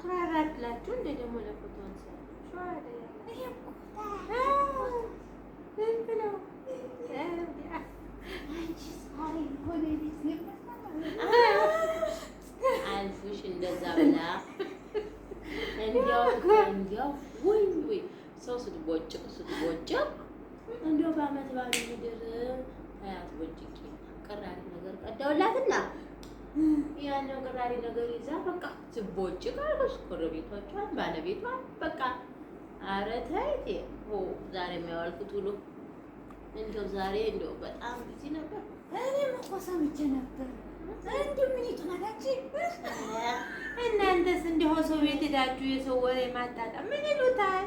ሹራብ አድላችሁ እንደ ደግሞ ለፎቶ አልፉሽ እንደዛ ብላ እንዲያው እንዲያው ሰው ስትቦጭቅ ስትቦጭቅ እንዲያው በአመት ባለ ምድር አያት ቦጭቄ ቅር ነገር ቀዳውላትና ያኛው ቅራሪ ነገር ይዛ በቃ ዝቦጭ ጋርጎች ጎረቤቶቿን፣ ባለቤቷን በቃ አረ ተይቴ ዛሬ የሚያዋልኩት ውሎ እንደው ዛሬ እንደው በጣም ቢዚ ነበር። እኔም እኮ ሰምቼ ነበር። እንደው ምን ይጥናታችሁ እናንተስ እንደው ሰው ቤት ሄዳችሁ የሰው ወሬ ማጣጣም ምን ይሉታል?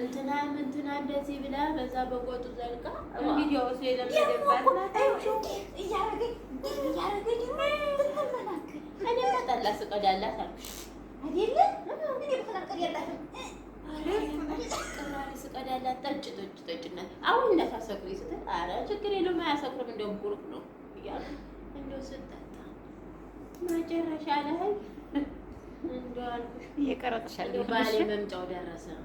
እንትናም እንትና እንደዚህ ብላ በዛ በጎጡ ዘልቃ እንግዲህ ወስ የለመደባት ጠጭ ጠጭ ጠጭነት አሁን እንዳታሰቅሪ ስትል ኧረ ችግር የለውም አያሰቅርም፣ እንደውም ቁርጥ ነው እያሉ እንደው ስጠጣ መጨረሻ ላይ እንደው አልኩሽ እየቀረጥሻል ባሌ መምጫው ደረሰ ነው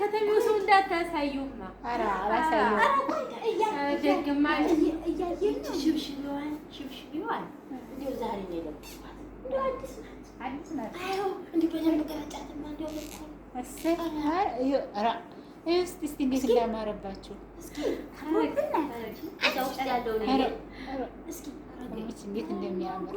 ከተሜው ሰው እንዳታሳዩማ። ደግማ እያየች እንዴት እንዳማረባችሁ እንዴት እንደሚያምር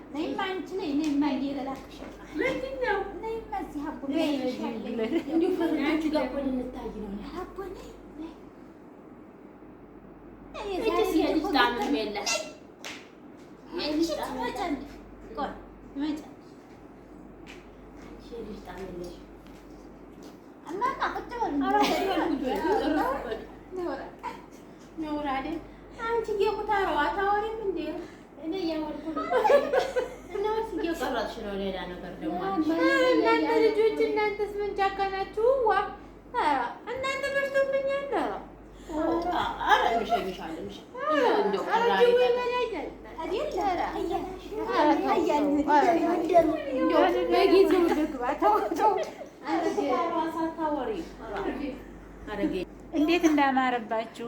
ነይማ አንቺ ነይ እየሮጥሽ ነው። ሌላ ነገር ደግሞ እናንተ ልጆች እናንተስ ምን ጫካ ናችሁ? ዋ እናንተ በርቶብኛል። እንዴት እንዳማረባችሁ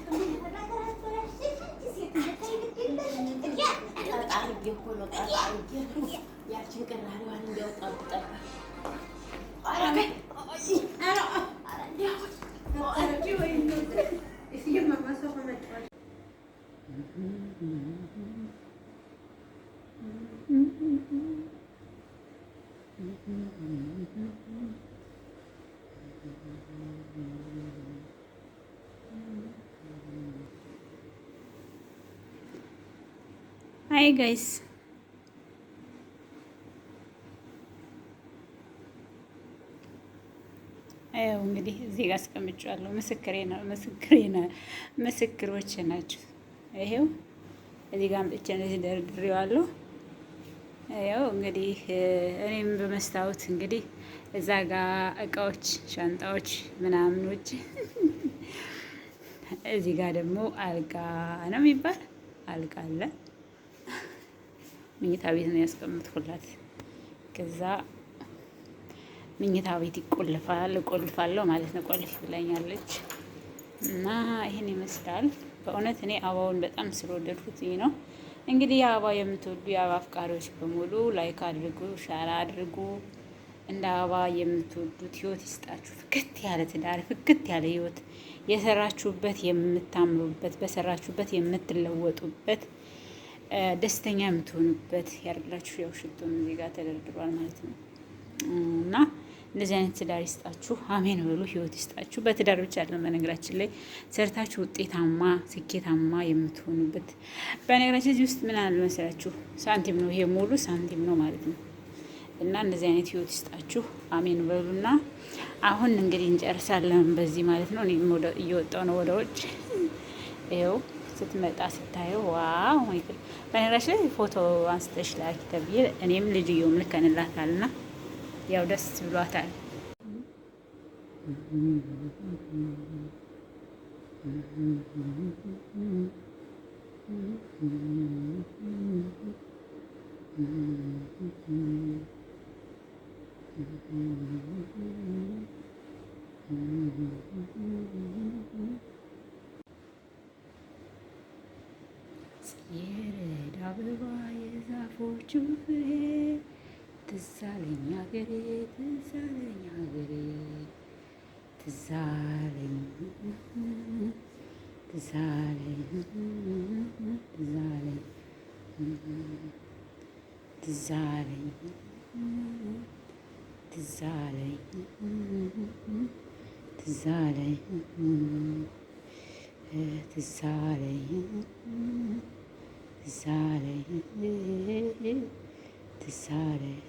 Hi guys. ያው እንግዲህ እዚህ ጋር አስቀምጫለሁ። ምስክሬ ነው ምስክሬ ነው ምስክሮች ናቸው። ይሄው እዚህ ጋር አምጥቼ እንደዚህ ደርድሬዋለሁ። ያው እንግዲህ እኔም በመስታወት እንግዲህ እዛ ጋር እቃዎች፣ ሻንጣዎች ምናምኖች፣ እዚህ ጋር ደግሞ አልጋ ነው የሚባል አልጋ አለ። መኝታ ቤት ነው ያስቀምጥኩላት ከዛ ምኝታ ቤት ይቆልፋል እቆልፋለሁ ማለት ነው። ቆልፍ ብላኛለች እና ይህን ይመስላል። በእውነት እኔ አበባውን በጣም ስለወደድኩት ይህ ነው እንግዲህ። የአበባ የምትወዱ የአበባ አፍቃሪዎች በሙሉ ላይክ አድርጉ፣ ሻራ አድርጉ። እንደ አበባ የምትወዱት ህይወት ይስጣችሁ። ፍክት ያለ ትዳር፣ ፍክት ያለ ህይወት የሰራችሁበት የምታምሩበት፣ በሰራችሁበት የምትለወጡበት፣ ደስተኛ የምትሆኑበት ያደርግላችሁ። ያው ሽቶም እዚህ ጋር ተደርድሯል ማለት ነው እና እንደዚህ አይነት ትዳር ይስጣችሁ፣ አሜን በሉ። ህይወት ይስጣችሁ። በትዳር ብቻ አይደለም፣ በነገራችን ላይ ሰርታችሁ ውጤታማ ስኬታማ የምትሆኑበት። በነገራችን እዚህ ውስጥ ምን አለ መሰላችሁ? ሳንቲም ነው ይሄ፣ ሙሉ ሳንቲም ነው ማለት ነው። እና እንደዚህ አይነት ህይወት ይስጣችሁ፣ አሜን በሉና አሁን እንግዲህ እንጨርሳለን በዚህ ማለት ነው። እኔም ነው ወደ ውጭ ይኸው ስትመጣ ስታየው ዋው በነገራችን ላይ ፎቶ አንስተሽ ላኪ ተብዬ እኔም ልጅየውም ና ያው ደስ ብሏታል። የረዳ አበባ የዛፎቹ ፍሬ ትዛለኝ ሀገሬ ትዛለኝ ሀገሬ ትዛለኝ ትዛለኝ ትዛለኝ ትዛለኝ ትዛለኝ ትዛለኝ ትዛለኝ ትዛለኝ decided.